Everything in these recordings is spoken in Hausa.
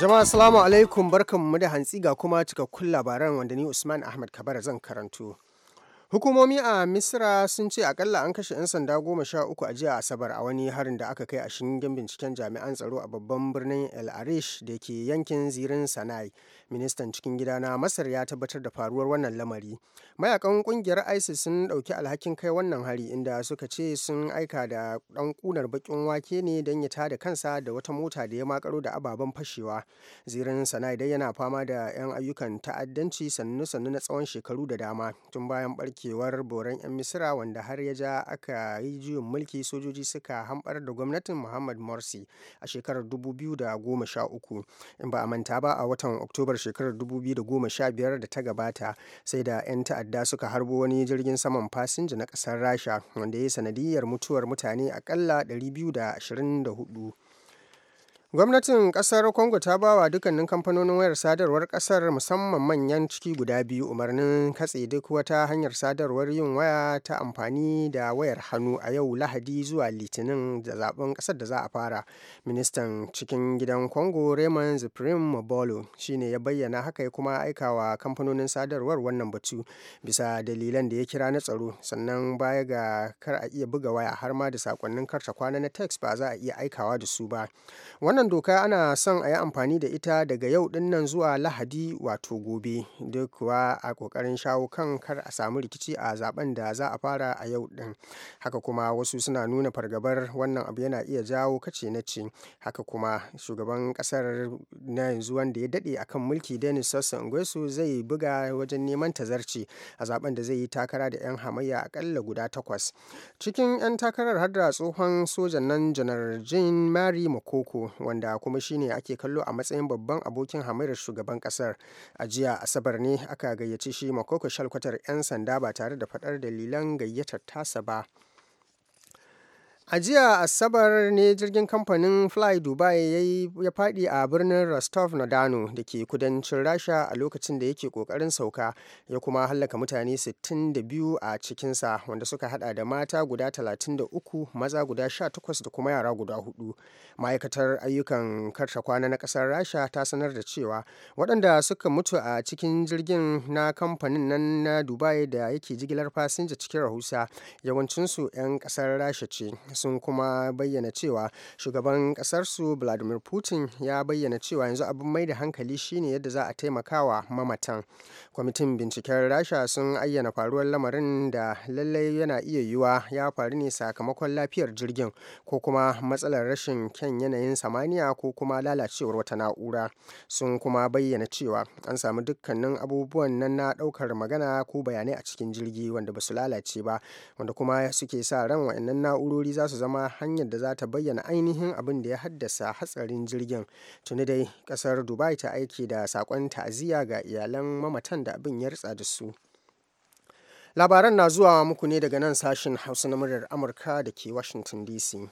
Jama'a salamu alaikum mu da hantsi ga kuma cikakkun labaran wanda ni Usman Ahmad Kabara zan karanto. Hukumomi a Misra sun ce akalla an kashe 'yan sanda goma sha uku a jiya Asabar a wani harin da aka kai a shingen binciken jami'an tsaro a babban birnin El Arish da ke yankin zirin Sanai. ministan cikin gida na masar ya tabbatar da faruwar wannan lamari mayakan kungiyar isis sun dauki alhakin kai wannan hari inda suka ce sun aika da dan kunar bakin wake ne don ya tada kansa da wata mota da ya makaro da ababen fashewa zirin sana'a dai yana fama da 'yan ayyukan ta'addanci sannu-sannu na tsawon shekaru da dama tun bayan barkewar boran 'yan misira wanda har ya ja aka yi juyin mulki sojoji suka hambar da gwamnatin muhammad morsi a shekarar 2013 in ba a manta ba a watan oktoba oktobar shekarar 2015 da ta gabata sai da 'yan ta'adda suka harbo wani jirgin saman fasinja na ƙasar rasha wanda ya yi sanadiyar mutuwar mutane akalla 224 Gwamnatin ƙasar Congo ta bawa wa dukkanin kamfanonin wayar sadarwar ƙasar musamman manyan ciki guda biyu umarnin katse duk wata hanyar sadarwar yin waya ta amfani da wayar hannu a yau Lahadi zuwa Litinin da zaben ƙasar da za a fara. Ministan cikin gidan Congo Raymond Ziprim shi shine ya bayyana haka ya kuma aika wa kamfanonin sadarwar wannan batu bisa dalilan da ya kira na tsaro sannan baya ga kar a iya buga waya har ma da sakonnin karta kwana na text ba za a iya aikawa da su ba. Wannan wannan doka ana son a yi amfani da ita daga yau din nan zuwa lahadi wato gobe duk kuwa a kokarin shawo kan kar a samu rikici a zaben da za a fara a yau din haka kuma wasu suna nuna fargabar wannan abu yana iya jawo kace na ce haka kuma shugaban kasar na yanzu wanda ya dade akan mulki denis sassan Nguesso zai buga wajen neman tazarci a zaben da zai yi takara da 'yan hamayya akalla guda takwas cikin 'yan takarar har da tsohon sojan nan janar jean marie Mokoko wanda kuma shine ake kallo a matsayin babban abokin hamayar shugaban kasar a jiya asabar ne aka gayyaci shi makoko shalkwatar 'yan sanda ba tare da faɗar dalilan gayyatar tasa ba A jiya Asabar ne jirgin kamfanin Fly Dubai ya faɗi a birnin Rostov na Dano da ke kudancin Rasha a lokacin da yake kokarin sauka ya kuma hallaka mutane 62 a cikinsa wanda suka hada da mata guda 33 maza guda 18 da kuma yara guda 4. Ma'aikatar ayyukan karshe kwana na ƙasar Rasha ta sanar da cewa waɗanda suka mutu a cikin jirgin na kamfanin nan na Dubai da yake jigilar fasinja cikin rahusa yawancinsu 'yan ƙasar Rasha ce. sun kuma bayyana cewa shugaban kasarsu vladimir putin ya bayyana cewa yanzu abin mai da hankali shine yadda za a taimakawa mamatan kwamitin binciken rasha sun ayyana faruwar lamarin da lallai yana iya yiwuwa ya faru ne sakamakon lafiyar jirgin ko kuma matsalar rashin kyan yanayin samaniya ko kuma lalacewar wata na'ura sun kuma bayyana cewa an samu dukkanin abubuwan nan na daukar magana ko bayanai a cikin jirgi wanda ba su lalace ba wanda kuma suke sa ran wa'annan na'urori za su zama hanyar da za ta bayyana ainihin abin da ya haddasa hatsarin jirgin tuni dai kasar dubai ta aiki da sakon ta'aziyya ga iyalan mamatan da abin ya ritsa da su labaran na zuwa muku ne daga nan sashen hausa na muryar amurka da ke washington dc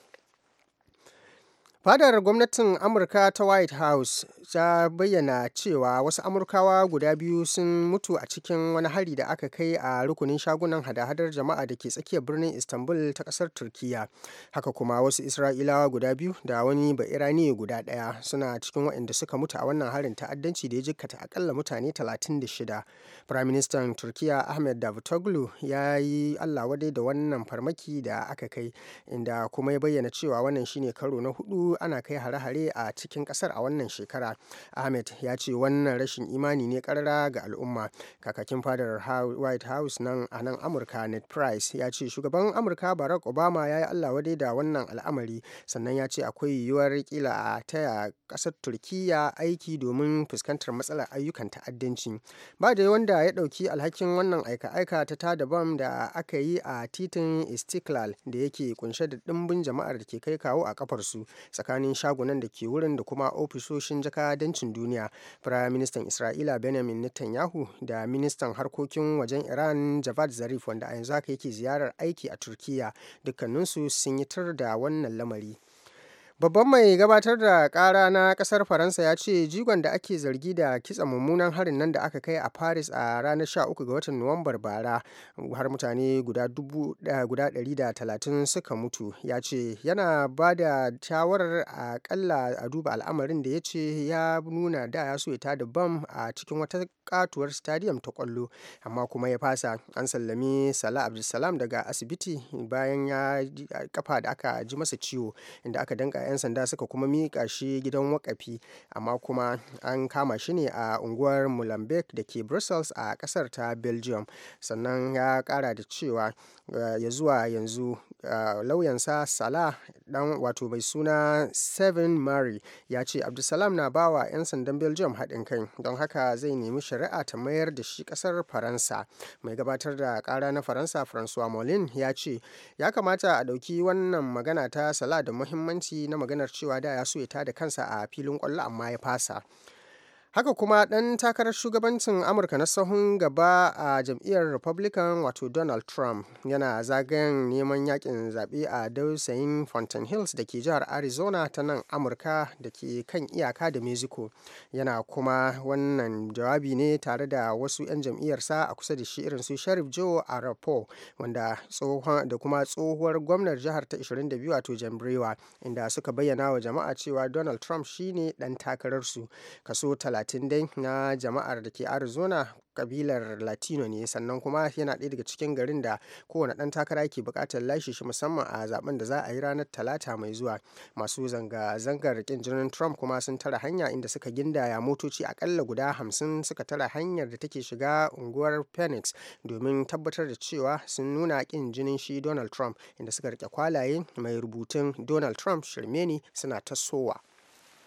Fadar gwamnatin Amurka ta White House ta bayyana cewa wasu Amurkawa guda biyu sun mutu a cikin wani hari da aka kai a rukunin shagunan hada-hadar jama'a da ke tsakiyar birnin Istanbul ta kasar Turkiyya. Haka kuma wasu Isra'ilawa guda biyu da wani Ba'iraniye guda ɗaya suna cikin waɗanda suka mutu a wannan harin ta'addanci da ya jikkata akalla mutane 36. Firaministan Turkiyya Ahmed Davutoglu ya yi Allah wadai da wannan farmaki da aka kai inda kuma ya bayyana cewa wannan shine karo na hudu ana kai hare-hare a cikin kasar a wannan shekara ahmed ya ce wannan rashin imani ne karara ga al'umma kakakin fadar white house nan a nan amurka ned price ya ce shugaban amurka barack obama ya yi allah wadai da wannan al'amari sannan ya ce akwai yiwuwar kila a taya kasar turkiya aiki domin fuskantar matsalar ayyukan ta'addanci ba da wanda ya dauki alhakin wannan aika-aika ta tada bam da aka yi a titin istiklal da yake kunshe da dimbin jama'ar da ke kai kawo a kafarsu tsakanin shagunan da ke wurin da kuma ofisoshin jakadancin duniya firayim ministan isra'ila benjamin netanyahu da ministan harkokin wajen iran javad zarif wanda a yanzu haka yake ziyarar aiki a turkiya dukkaninsu sun yi tar da wannan lamari Babban mai gabatar da kara na ƙasar Faransa ya ce jigon da ake zargi da kitsa mummunan harin nan da aka kai a Paris a ranar 13 ga watan Nuwambar bara har mutane guda 130 eh, suka mutu ya ce yana ba da shawarar aƙalla a duba al'amarin da ya ce ya nuna da ya so ya da bam a cikin wata katuwar stadium ta kwallo amma kuma ya fasa an sallami Salah Abdulsalam daga asibiti bayan ya kafa da aka ji masa ciwo inda aka danka 'yan sanda suka kuma miƙa shi gidan wakafi amma kuma an kama shi ne a unguwar mulambek da ke brussels a ƙasar ta belgium sannan ya ƙara da cewa eh, ya zuwa yanzu eh, lauyansa salah dan wato mai suna seven mari ya ce abdulsalam na bawa 'yan sandan belgium haɗin kai don haka zai nemi shari'a ta mayar da shi ƙasar faransa mai gabatar da kara na faransa francois molin ya ce ya kamata a ɗauki wannan magana ta salah da muhimmanci na maganar cewa da ya so ya tada kansa a filin kwallo amma ya fasa haka kuma ɗan takarar shugabancin amurka na sahun gaba a jam'iyyar republican wato donald trump yana zagayen neman yakin zaɓe a dausayin fountain hills da ke jihar arizona ta nan amurka da ke kan iyaka da mexico yana kuma wannan jawabi ne tare da wasu 'yan jam'iyyarsa a kusa da shi irin su sharif joe arapo wanda da kuma tsohuwar gwamnar jihar ta 22 wato jambrewa inda suka bayyana wa jama'a cewa donald trump shine ɗan takararsu kaso 30 talatin dai na jama'ar da ke arizona kabilar latino ne sannan kuma yana ɗaya daga cikin garin da kowane ɗan takara ke buƙatar lashe shi musamman a zaben da za a yi ranar talata mai zuwa masu zanga-zangar kin jinin trump kuma sun tara hanya inda suka gindaya motoci akalla guda hamsin suka tara hanyar da take shiga unguwar phoenix domin tabbatar da cewa sun nuna ƙin jinin shi donald trump inda suka rike kwalaye mai rubutun donald trump shirme ne suna tasowa.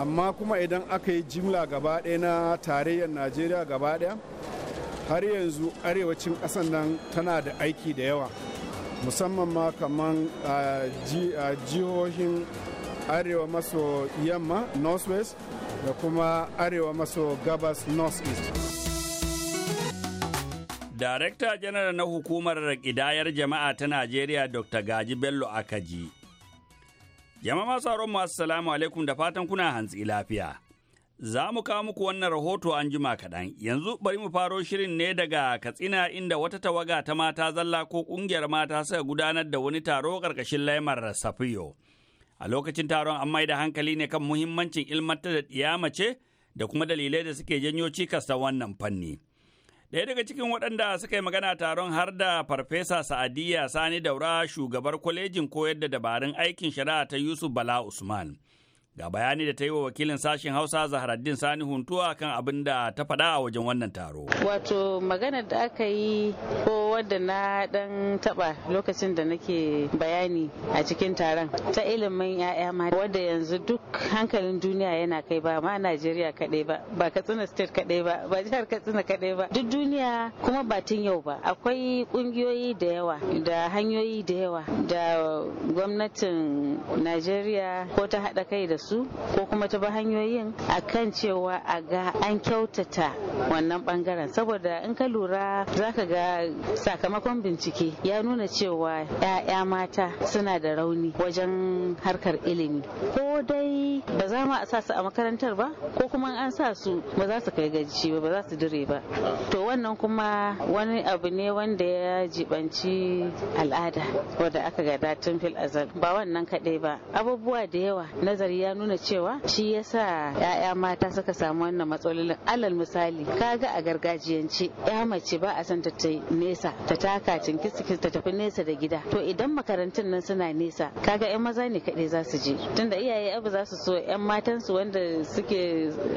amma kuma idan aka yi jimla gabaɗaya na tarayyar najeriya gabaɗaya har yanzu arewacin ƙasar nan tana da aiki da yawa musamman ma kamar jihohin arewa maso yamma northwest da kuma arewa maso gabas northeast Darekta janar na hukumar ƙidayar jama'a ta Najeriya Dr. Gaji Bello Akaji Jama'a masu sauran masu salamu alaikum da fatan kuna hantsi lafiya. Za mu kawo muku wannan rahoto an jima kaɗan, yanzu bari mu faro shirin ne daga Katsina inda wata tawaga ta mata zalla ko ƙungiyar mata suka gudanar da wani taro karkashin laimar Safiyo. A lokacin taron an mai da hankali ne kan muhimmancin ilmantar da ɗiya mace da kuma dalilai da suke janyo cikas ta wannan fanni. Ɗaya daga cikin waɗanda suka yi magana taron har da Farfesa Sa'adiyya Sani Daura shugabar kwalejin koyar da dabarun aikin shari'a ta Yusuf Bala Usman. Ga bayani da ta yi wa wakilin sashen Hausa Zaharaddin Sani Huntuwa kan abin da ta faɗa a wajen wannan taro. Wato magana da aka yi ko wadda na ɗan taba lokacin da nake bayani a cikin taron ta ilimin 'ya'ya mata wadda yanzu duk hankalin duniya yana kai ba ma Najeriya kaɗai ba ba Katsina state kaɗai ba ba jihar Katsina kaɗai ba duk duniya kuma ba tun yau ba akwai ƙungiyoyi da yawa da hanyoyi da yawa da gwamnatin Najeriya ko ta haɗa kai da su ko kuma ta hanyoyin a kan cewa a ga an kyautata wannan bangaren saboda in ka lura za ka ga sakamakon bincike ya nuna cewa 'ya'ya mata suna da rauni wajen harkar ilimi ko dai ba za ma a sa su a makarantar ba ko kuma an sa su ba za su kai gaji ba ba za su dire ba to wannan kuma wani abu ne wanda ya jibanci al'ada wadda aka ga tun fil azal ba wannan kaɗai ba abubuwa da yawa nazari ya nuna cewa shi yasa ya'ya mata suka samu wannan matsalolin alal misali kaga a gargajiyance ya mace ba a san ta nesa ta taka cinkis ta tafi nesa da gida to idan makarantun nan suna nesa kaga yan maza ne kaɗai za su je tunda iyaye abu za su so yan matan su wanda suke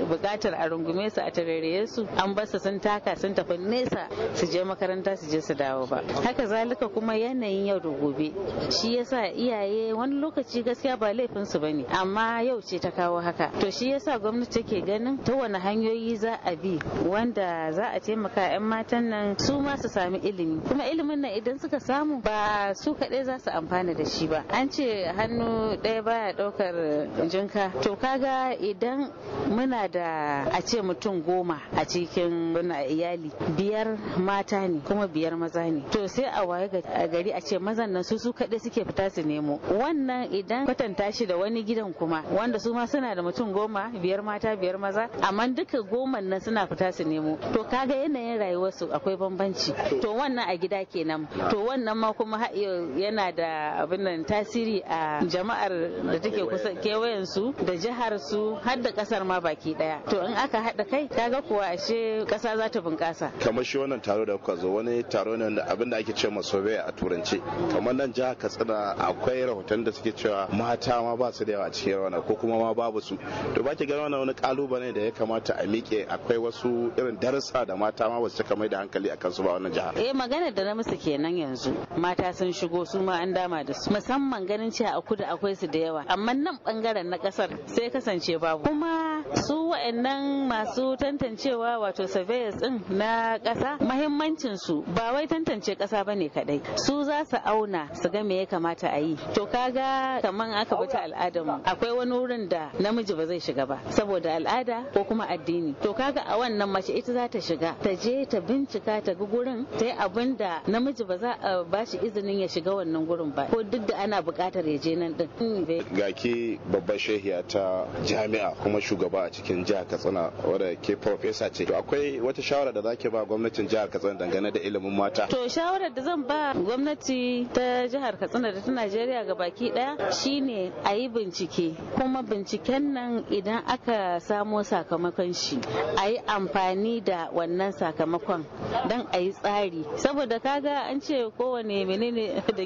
buƙatar a rungume su a tarere su an ba su sun taka sun tafi nesa su je makaranta su je su dawo ba haka zalika kuma yanayin yau da gobe shi yasa iyaye wani lokaci gaskiya ba laifinsu su bane amma yau ce ta kawo haka to shi yasa gwamnati take ganin ta wani hanyoyi za a bi wanda za a taimaka 'yan matan nan su ma su sami ilimi kuma ilimin nan idan suka samu ba su kaɗai za su amfana da shi ba an ce hannu ɗaya baya ɗaukar jinka to kaga idan muna da a ce mutum goma a cikin iyali biyar mata ne kuma biyar maza ne to sai a waye gari a ce mazan nan su su kaɗai suke fita su nemo wannan idan kwatanta shi da wani gidan kuma wanda su ma suna da mutum goma biyar mata biyar maza amma duka goma nan suna fita su nemo to kaga yanayin rayuwarsu akwai bambanci to wannan a gida kenan to wannan ma kuma yana da abin nan tasiri a jama'ar da take kusa kewayen su da jihar su har da kasar ma baki daya to in aka haɗa kai kaga kuwa ashe kasa za ta bunƙasa kamar shi wannan taro da kuka zo wani taro ne da abin da ake ce masobe a turance kamar nan jihar katsina akwai rahoton da suke cewa mata ma ba su da yawa a cikin wannan ko kuma ma babu su to ba ki gano wani kalubale da ya kamata a miƙe akwai wasu irin darussa da mata ma wasu cika da hankali akan su ba wannan jiha eh magana da na musu kenan yanzu mata sun shigo su ma an dama da su musamman ganin cewa a kudu akwai su da yawa amma nan bangaren na kasar sai kasance babu kuma su wa'annan masu tantancewa wato surveyors din na kasa mahimmancin su ba wai tantance kasa bane kadai su za su auna su ga me ya kamata a yi to kaga kaman aka bata al'adar mu akwai wani wurin da namiji ba zai shiga ba saboda al'ada ko kuma addini to kaga a wannan mace ita za ta shiga ta je ta bincika ta ga gurin ta yi abin da namiji ba za a ba shi izinin ya shiga wannan gurin ba ko duk da ana buƙatar ya je nan din hmm, ga ke babbar shehiya ta jami'a kuma shugaba a cikin jihar katsina wadda ke professor ce to akwai wata shawara da zake ba gwamnatin jihar katsina dangane da ilimin mata to shawarar da zan ba gwamnati ta jihar katsina da ta najeriya ga baki daya shine a yi bincike kuma binciken nan idan aka samo sakamakon shi a yi amfani da wannan sakamakon don a yi tsari saboda kaga an ce kowane menene da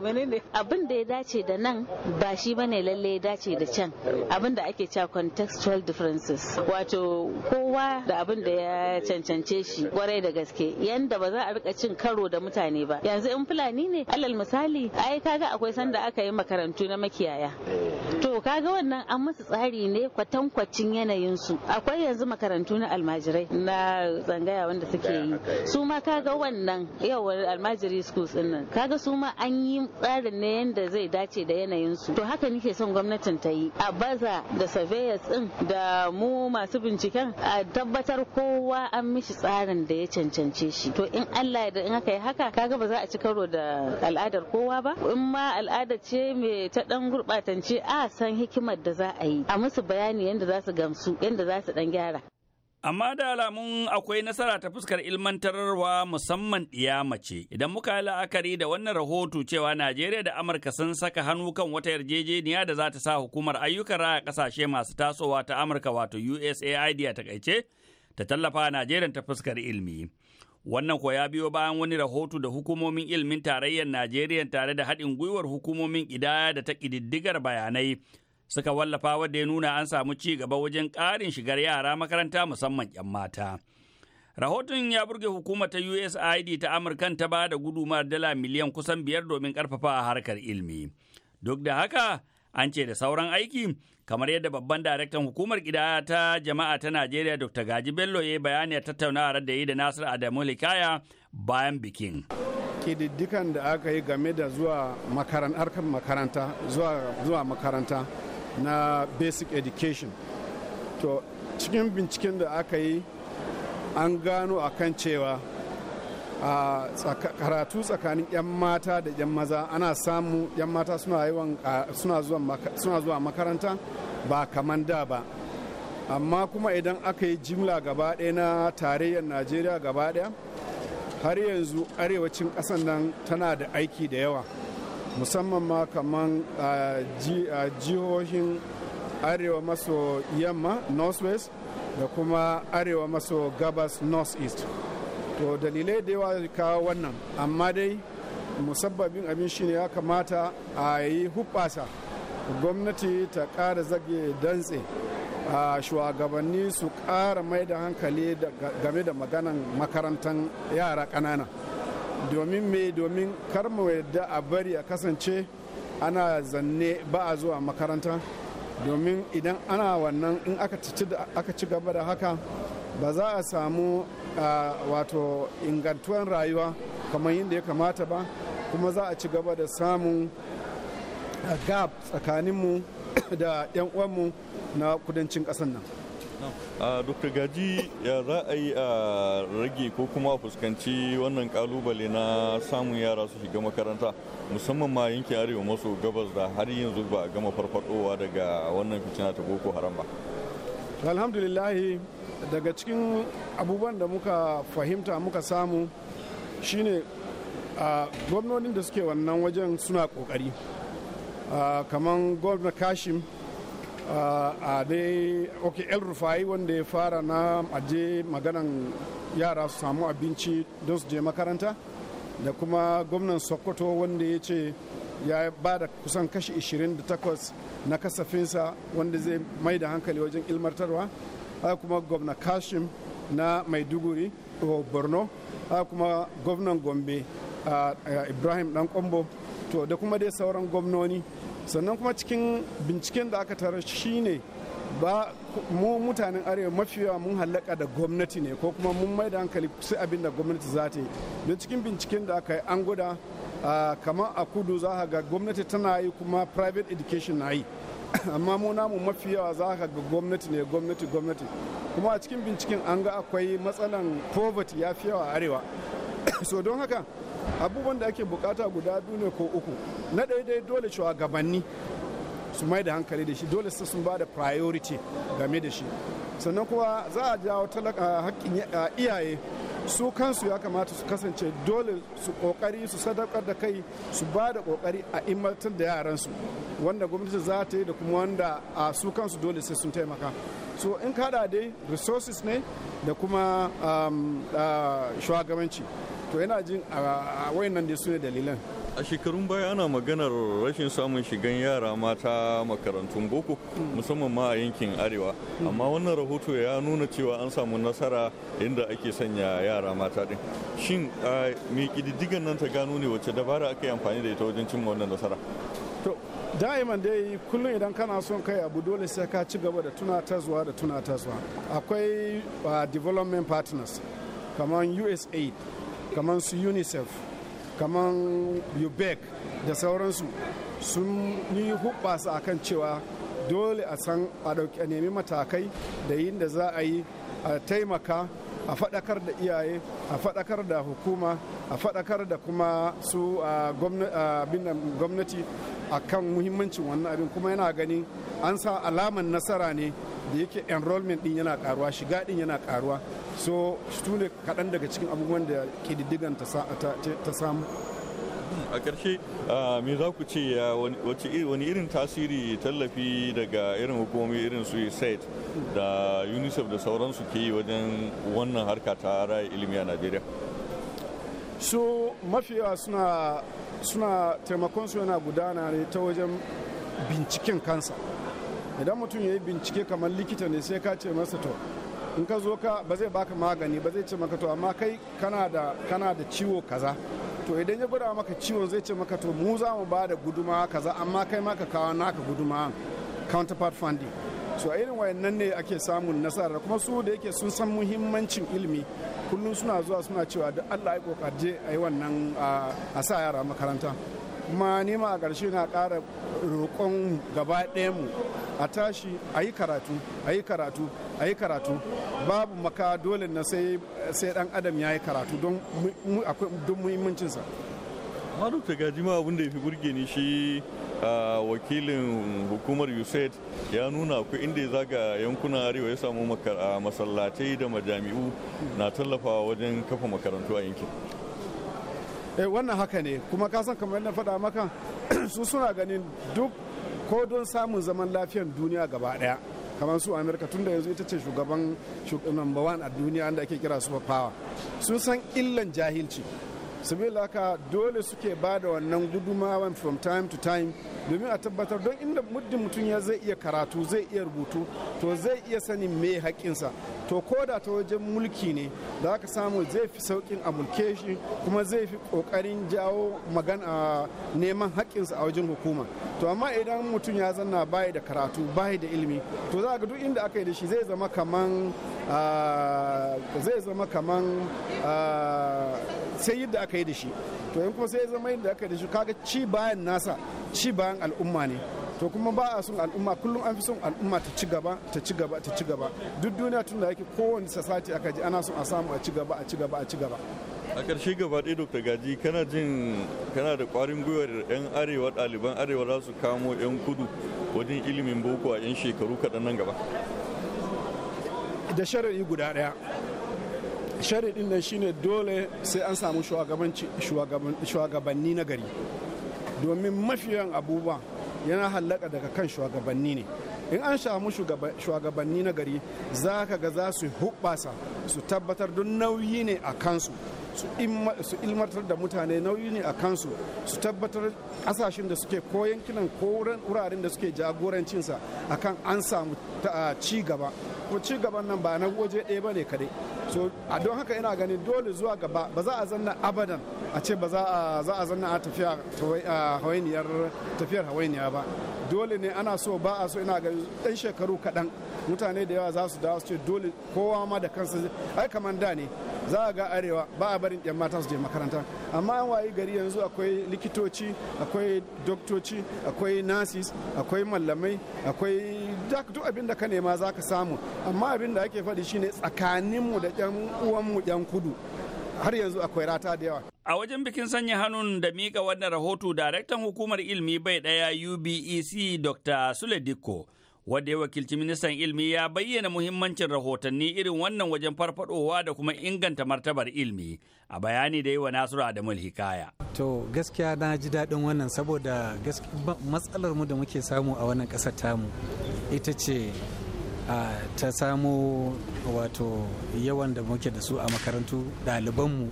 menene abin da ya dace da nan ba shi bane lalle ya dace da can abin da ake cewa contextual differences wato kowa da abin da ya cancance shi kwarai da gaske yanda ba za a rika cin karo da mutane ba yanzu in fulani ne alal misali ai kaga akwai sanda aka yi makarantu na makiyaya to kaga wannan an musu tsari ne kwatankwacin yanayin su akwai yanzu makarantu na almajirai na zangaya wanda suke yi su ma kaga wannan yawar almajiri schools din nan kaga su ma an yi tsarin ne yanda zai dace da yanayin su to haka nake son gwamnatin ta yi a baza da surveyors din da mu masu binciken a tabbatar kowa an mishi tsarin da ya cancance shi to in Allah da in aka yi haka kaga ba za a ci karo da al'adar kowa ba in ma al'ada ce mai ta dan gurbatance a san san hikimar da za a yi a musu bayani yadda za su gamsu yadda za su dan gyara Amma da alamun akwai nasara ta fuskar ilmantarwa musamman ɗiya mace. Idan muka yi la'akari da wannan rahoto cewa Najeriya da Amurka sun saka hannu kan wata yarjejeniya da za ta sa hukumar ayyukan raya kasashe masu tasowa ta Amurka wato USAID a takaice ta tallafa Najeriya ta fuskar ilmi. Wannan ko ya biyo bayan wani rahoto da hukumomin ilmin tarayyar Najeriya tare da haɗin gwiwar hukumomin ƙidaya da ta ƙididdigar bayanai suka wallafa wadda ya nuna an samu ci gaba wajen ƙarin shigar yara makaranta musamman 'yan mata. Rahoton ya burge hukumar ta USAID ta amurka ta ba da gudumar dala miliyan kusan biyar domin ƙarfafa harkar ilimi. Duk da haka, an ce da sauran aiki, kamar yadda babban daraktan hukumar gida ta jama'a ta Najeriya Dr. Gaji Bello ya bayani a tattaunawar da yi da Nasir Adamu Likaya bayan bikin. Kididdikan da aka yi game da zuwa makaranta, zuwa makaranta na basic education to cikin binciken da aka yi an gano a kan cewa a karatu tsakanin 'yan mata da 'yan maza ana samu 'yan mata suna zuwa makaranta ba kaman da ba amma kuma idan aka yi jimla gaba ɗaya na tarayyar najeriya gaba ɗaya har yanzu arewacin ƙasan nan tana da aiki da yawa musamman ma kaman jihohin arewa maso yamma northwest da kuma arewa maso gabas northeast to dalilai da yawa kawo wannan amma dai musabbabin abin shine ya kamata a yi hubbasa gwamnati ta ƙara zage dantse a shugabanni su ƙara mai da hankali game da maganan makarantar yara ƙanana domin me domin kar yadda a bari a kasance ana zanne ba a zuwa makaranta domin idan ana wannan in aka ci gaba da haka ba za a samu wato ingantuwan rayuwa kamar yadda ya kamata ba kuma za a ci gaba da samun gab tsakaninmu da 'yan uwanmu na kudancin ƙasar nan. dr gaji ya za a yi a rage ko kuma fuskanci wannan kalubale na samun yara su shiga makaranta musamman ma yankin arewa maso gabas da har yanzu ba a gama farfadowa daga wannan fitina ta boko haram ba alhamdulillahi daga cikin abubuwan da muka fahimta muka samu shine a gwamnonin da suke wannan wajen suna kokari kamar gwamnan kashim a ah, ah, dai ok el rufai wanda ya fara na aje maganan yara su samu abinci don su je makaranta da kuma gwamnan sokoto wanda ya ce ya ba da kusan kashi 28 na kasafinsa wanda zai mai da hankali wajen ilmartarwa haka kuma gwamna kashim na maiduguri borno haka kuma gwamnan gombe ah, ibrahim dan kombo to da kuma dai sauran gwamnoni sannan kuma cikin binciken da aka tara shine ba mu mutanen arewa mafi yawa mun hallaka da gwamnati ne ko kuma mun mai da hankali sai abin da gwamnati za ta yi don cikin binciken da aka yi an guda kamar a kudu za ga gwamnati tana yi kuma private education na yi amma mu namu mafi yawa za ka ga gwamnati ne gwamnati gwamnati kuma a cikin binciken an ga akwai matsalan poverty ya fi yawa arewa so don haka abubuwan da ake bukata guda biyu ne ko uku na daidai dole gabanni su mai da hankali da shi dole su sun ba da priority game da shi sannan kuwa za a jawo hakkin iyaye su kansu ya kamata su kasance dole su kokari su sadaukar da kai su ba da kokari a imantar da yaransu wanda gwamnati za ta yi da kuma wanda a su kansu dole sai sun taimaka so in kada dai resources ne da kuma shugabanci to yana jin a wayannan da su ne dalilan a shekarun baya ana maganar rashin samun shigan yara mata makarantun boko hmm. musamman ma a yankin arewa hmm. amma wannan rahoto ya nuna cewa an samu nasara inda ake sanya yara mata din shin mai kididdigan nan ta gano ne wacce dabara aka yi amfani da ita wajen cimma wannan nasara to da'iman dai kullum idan kana son kai abu dole sai ka ci gaba da tunatarwa da tunatarwa akwai development partners kamar u.s.a. kamar su unicef kamar ubec da sauransu sun yi hubbasa kan cewa dole a san a ɗauki a nemi matakai da yin da za a yi a taimaka a faɗakar da iyaye a faɗakar da hukuma a faɗakar da kuma su gwamnati a kan muhimmancin wannan abin kuma yana gani an sa alaman nasara ne da yake enrollment din yana karuwa shiga din yana karuwa so su ne kaɗan daga cikin abubuwan da ƙididdigan ta samu a ƙarshe me za ku ce wani irin tasiri tallafi daga irin hukumomi irin su said da unicef da sauransu ke yi wajen wannan harka ta raya ilimi a najeriya so mafiya suna taimakon su yana gudana ne ta wajen binciken kansa idan mutum ya yi bincike kamar likita ne sai ka ce masa to in ka zo ka ba zai baka magani ba zai ce maka to amma kai kana da ciwo kaza to idan ya gwada maka ciwon zai ce maka to mu za mu ba da guduma kaza amma kai ma ka kawo naka guduma counterpart funding so a irin wayannan ne ake samun nasara kuma su da yake sun san muhimmancin ilimi kullum suna zuwa suna cewa da allah ya kokarje a yi wannan a sa yara makaranta kuma nima a ƙarshe na ƙara roƙon gaba mu a tashi a yi karatu a yi karatu a yi karatu babu maka dole na sai dan adam ya yi karatu don muhimmancinsa madu ta gajima abin da ya fi burge ni shi wakilin hukumar usaid ya nuna ku inda ya zaga yankuna arewa ya samu masallatai da majami'u na tallafawa wajen kafa makarantu a yankin eh wannan haka ne kuma ka kamar yadda faɗa maka su suna ganin duk ko don samun zaman lafiyar duniya gaba daya kamar su amerika tun da yanzu ita ce shugaban number one a duniya da ake kira super power sun san illan jahilci sabila haka dole suke ba da wannan gudumawan from time to time domin a tabbatar don inda muddin mutum ya zai iya karatu zai iya rubutu to zai iya sanin me haƙƙinsa to ko da ta wajen mulki ne za ka samu zai fi sauƙin a mulke shi kuma zai fi ƙoƙarin jawo magana neman haƙƙinsa a wajen hukuma to amma idan mutum ya zanna bayi da karatu bayi da ilimi to za ga duk inda aka yi da shi zai zama kaman zai zama kaman sai yadda aka yi da shi to in kuma sai ya zama yadda aka yi da shi kaga ci bayan nasa ci bayan al'umma ne to kuma ba a son al'umma kullum an fi son al'umma ta ci gaba ta ci gaba ta ci gaba duk duniya tun da yake kowane society aka ji ana son a samu a ci gaba a ci gaba a ci gaba a ƙarshe gaba ɗaya dr gaji kana jin kana da ƙwarin gwiwar 'yan arewa ɗaliban arewa za su kamo 'yan kudu wajen ilimin boko a 'yan shekaru kaɗan nan gaba da shari'i guda ɗaya sharaɗin nan shine dole sai an samu shugabanni na gari domin mafiyan abubuwa yana hallaka daga kan shugabanni ne in an samu shugabanni na gari za ka ga za su hubbasa su tabbatar don nauyi ne a kansu su ilmartar da mutane nauyi ne a kansu su tabbatar kasashen da suke koyan kilan ko wuraren da suke jagorancinsa akan an samu ah, ci gaba ko ci gaban nan ba na waje ɗaya ba ne kadai so a don haka ina ganin dole zuwa gaba ba za a zanna abadan a ce ba za a zanna a tafiyar hawainiya ba dole ne ana so ba a so ina ganin dan shekaru kaɗan mutane da yawa za su dawo su ce dole kowa ma da kansa ai kamar da ne za a ga arewa ba a barin yan mata su je makaranta amma an wayi gari yanzu akwai likitoci akwai doktoci akwai nasis akwai mallamai akwai duk abin da ka nema za ka samu amma abin da ake faɗi shine tsakanin tsakaninmu da yan uwanmu yan kudu har yanzu akwai rata da yawa A wajen bikin sanya hannun da mika wannan rahoto, daraktan hukumar ilimi bai ɗaya UBEC Dr. Sule Dikko wadda ya wakilci ministan ilmi ya bayyana muhimmancin rahotanni irin wannan wajen farfadowa da kuma inganta martabar ilmi a bayani da yi wa nasiru adamul hikaya to gaskiya na ji daɗin wannan saboda matsalar mu da muke samu a wannan ƙasar tamu ita ce ta samu wato yawan da muke da su a makarantu ɗalibanmu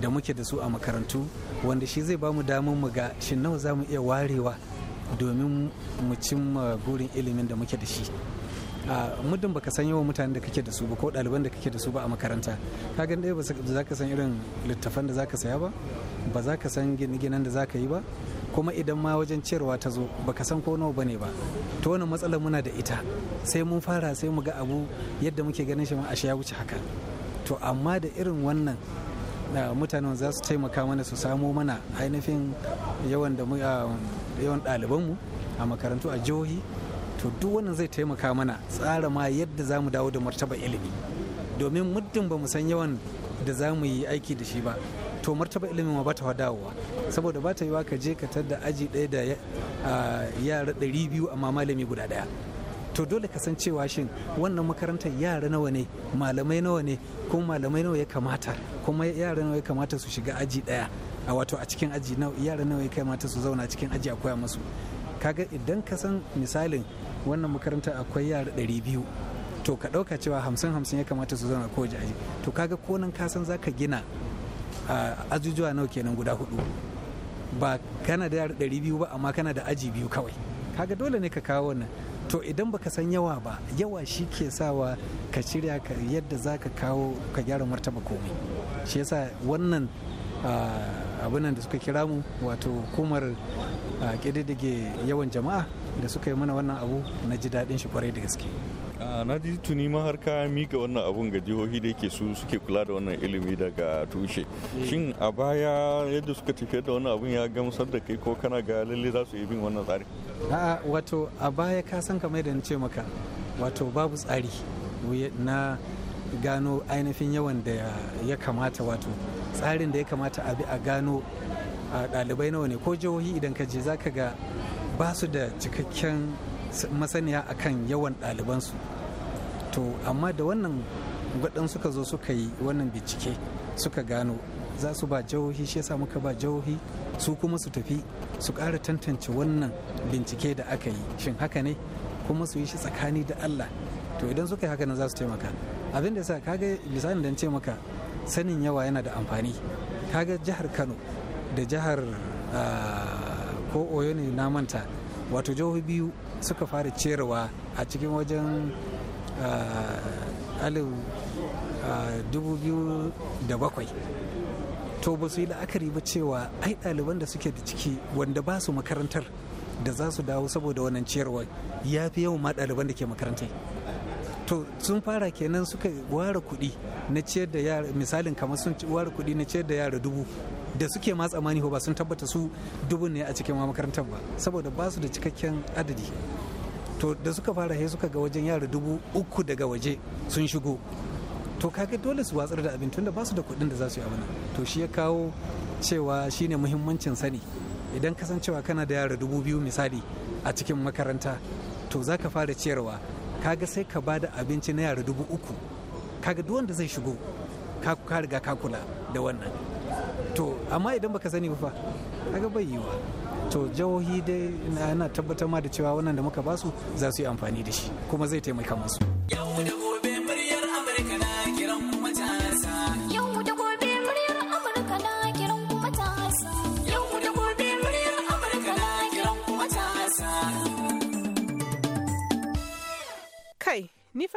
da muke da su a makarantu wanda shi zai ba mu damar mu ga shin nawa za mu iya warewa domin mu cimma burin ilimin da muke da shi muddin baka san yawan mutane da kake da su ba ko ɗaliban da kake da su ba a makaranta ka gan ɗaya ba za ka san irin littafan da za ka saya ba ba za ka san gine-ginen da za ka yi ba kuma idan ma wajen ciyarwa ta zo ba ka san ko nawa ne ba to wani matsalar muna da ita sai mun fara sai mu ga abu yadda muke ganin shi ma a ya wuce haka to amma da irin wannan mutanen za su taimaka mana su samo mana ainihin yawan da yawan ɗalibanmu a makarantu a jihohi to duk wannan zai taimaka mana tsara ma yadda za mu dawo da martaba ilimi domin muddin ba mu san yawan da za mu yi aiki da shi ba to martaba ilimin ma ba ta dawowa saboda ba ta yi ka je ka tadda aji ɗaya da yara ɗari biyu amma malami guda ɗaya to dole ka san cewa shin wannan makarantar yara nawa ne malamai nawa ne kuma malamai nawa ya kamata kuma yara nawa ya kamata su shiga aji daya a wato a cikin aji yara nawa ya kamata su zauna cikin aji a koya musu kaga idan ka san misalin wannan makarantar akwai yara biyu to ka ɗauka cewa hamsin hamsin ya kamata su zauna ko aji to kaga ko nan ka san zaka gina ajujuwa nawa kenan guda hudu ba kana da yara ɗari biyu ba amma kana da aji biyu kawai kaga dole ne ka kawo wannan to idan baka san yawa ba yawa shi ke sawa ka shirya yadda za ka kawo ka gyara martaba komai shi yasa wannan abinan da suka kira mu wato hukumar ƙididdige yawan jama'a da suka yi mana wannan abu na ji daɗin shi kwarai da gaske na ji tuni ma har ka mika wannan abun ga jihohi da yake su suke kula da wannan ilimi daga tushe eh. shin a baya yadda suka tafiyar da wannan abun ya gamsar da kai ko kana ga lalle za su yi bin wannan tsari a'a wato a baya ka san kamar da ce maka wato babu tsari na gano ainihin yawan da ya kamata wato tsarin da ya kamata a bi a gano ɗalibai nawa ne ko jihohi idan ka je za ka ga ba su da cikakken masaniya akan yawan ɗalibansu to amma da wannan gwadon suka zo suka yi wannan bincike suka gano za su ba jihohi shi yasa muka ba jihohi su kuma su tafi su ƙara tantance wannan bincike da aka yi shin haka ne kuma su yi shi tsakani da allah to idan suka yi haka nan za su taimaka abin da sa ga misalin da ce maka sanin yawa yana da amfani kaga jihar kano da jihar ah, ko oyo ne na manta wato jihohi biyu suka fara cerewa a cikin wajen ah, alif ah, dubu biyu da bakwai to ba su yi la'akari ba cewa ai ɗaliban da suke da ciki wanda ba su makarantar da za su dawo saboda wannan ciyarwa ya fi yawan ma ɗaliban da ke makaranta to sun fara kenan suka ware kuɗi na ciyar da yara misalin kamar sun ware kuɗi na ciyar da yara dubu da suke ma tsammani ba sun tabbata su dubun ne a cikin makarantar ba saboda ba su da cikakken adadi to da suka fara sai suka ga wajen yara dubu uku daga waje sun shigo to kaga dole su watsar da abin tunda ba su da kuɗin da za su yi abin to shi ya kawo cewa shine muhimmancin sani idan kasancewa kana da yara dubu biyu misali a cikin makaranta to za ka fara ciyarwa kaga sai ka ba da abinci na yara dubu uku kaga duk wanda zai shigo ka riga ka kula da wannan to amma idan baka sani ba kaga bai yiwa to jihohi dai ana tabbatar ma da cewa wannan da muka basu za su yi amfani da shi kuma zai taimaka musu.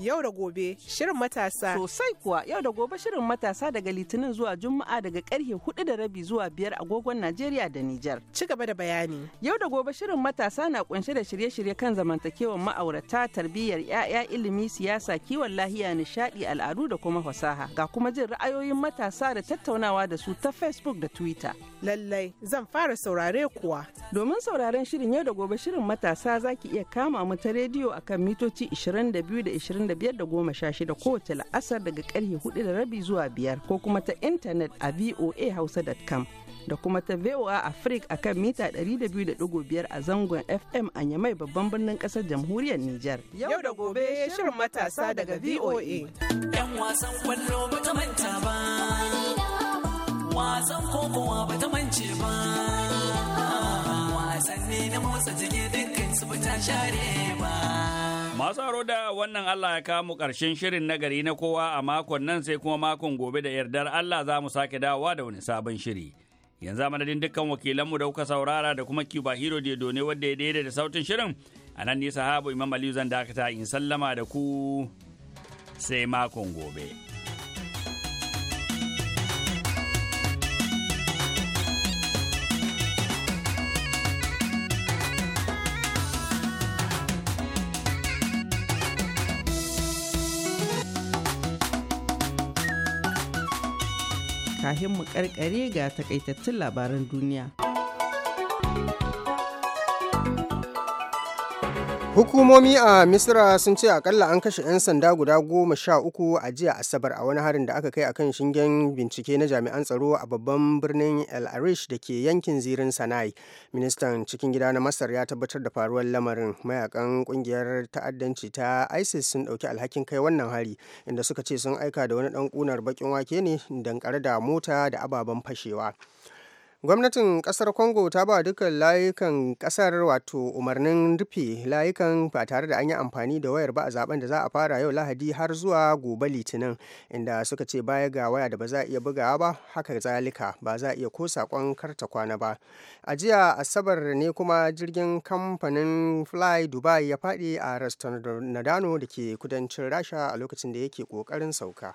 Yau da gobe shirin matasa. Sosai kuwa yau da gobe shirin matasa daga Litinin zuwa Juma'a daga karfe hudu da rabi zuwa biyar agogon Najeriya da Nijar. Ci gaba da bayani. Yau da gobe shirin matasa na kunshe da shirye-shirye kan zamantakewan ma'aurata, tarbiyyar 'ya'ya, ilimi, siyasa, kiwon lahiya, nishadi, al'adu da kuma fasaha. Ga kuma jin ra'ayoyin matasa da tattaunawa da su ta Facebook da Twitter. Lallai zan fara saurare kuwa. Domin sauraren shirin yau da gobe shirin matasa zaki iya kama mu ta rediyo akan mitoci 22 da 25 da 16 kowace la'asar daga karfe 4 da rabi zuwa biyar ko kuma ta intanet a voahausa.com da kuma ta VOA Africa a kan mita 200.5 a zangon FM a Yamai babban birnin kasar jamhuriyar Nijar. Yau da gobe shirin matasa daga VOA. Yan wasanni na motsa jiki dukkan su fita share ba. Masu haro da wannan Allah ya kawo mu ƙarshen shirin nagari na kowa a makon nan sai kuma makon gobe da yardar Allah za mu sake dawowa da wani sabon shiri. Yanzu madadin dukkan wakilanmu da kuka saurara da kuma Kiba Hero Dedo ne wadda ya daidai da sautin shirin. A nan ne sahabu Imam Aliyu zan dakata in sallama da ku sai makon gobe. kafin mu karkare ga takaitattun labaran duniya. Hukumomi a Misira sun ce akalla an kashe 'yan sanda guda goma sha uku a jiya Asabar a wani harin da aka kai akan shingen bincike na jami'an tsaro a babban birnin El Arish da ke yankin zirin Sanai. Ministan cikin gida na Masar ya tabbatar da faruwar lamarin mayakan kungiyar ta'addanci ta ISIS sun ɗauki alhakin kai wannan hari inda suka ce sun aika da wani ɗan ƙunar baƙin wake ne dankare da mota da ababen fashewa. gwamnatin kasar congo ta ba dukkan layukan kasar wato umarnin rufe layukan ba tare da an yi amfani da wayar ba a zaben da za a fara yau lahadi har zuwa gobe litinin inda suka ce baya ga waya da ba za a iya bugawa ba haka zalika ba za a iya ko sakon karta kwana ba a jiya asabar ne kuma jirgin kamfanin fly dubai ya faɗi a raston nadano da ke kudancin rasha a lokacin da yake ƙoƙarin sauka